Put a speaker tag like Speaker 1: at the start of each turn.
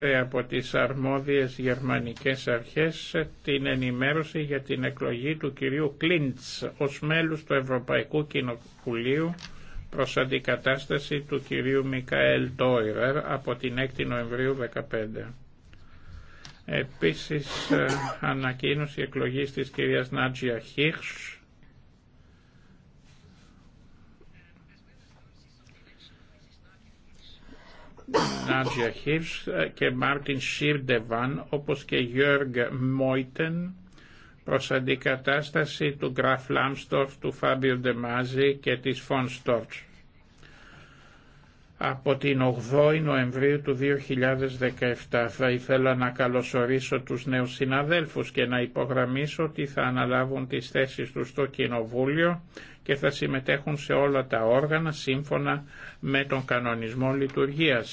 Speaker 1: Ε, από τις αρμόδιες γερμανικές αρχές την ενημέρωση για την εκλογή του κυρίου Κλίντς ως μέλους του Ευρωπαϊκού Κοινοβουλίου προς αντικατάσταση του κυρίου Μικαέλ Τόιρερ από την 6η Νοεμβρίου 2015. Επίσης ε, ανακοίνωση εκλογής της κυρίας Νάτζια Χίρς Νάντζια Χίρς και Μάρτιν Σίρντεβαν όπως και Γιώργ Μόιτεν προς αντικατάσταση του Γκραφ Λάμστορφ, του Φάμπιο Ντεμάζη και της Φον Στόρτς από την 8η Νοεμβρίου του 2017. Θα ήθελα να καλωσορίσω τους νέους συναδέλφους και να υπογραμμίσω ότι θα αναλάβουν τις θέσεις τους στο Κοινοβούλιο και θα συμμετέχουν σε όλα τα όργανα σύμφωνα με τον κανονισμό λειτουργίας.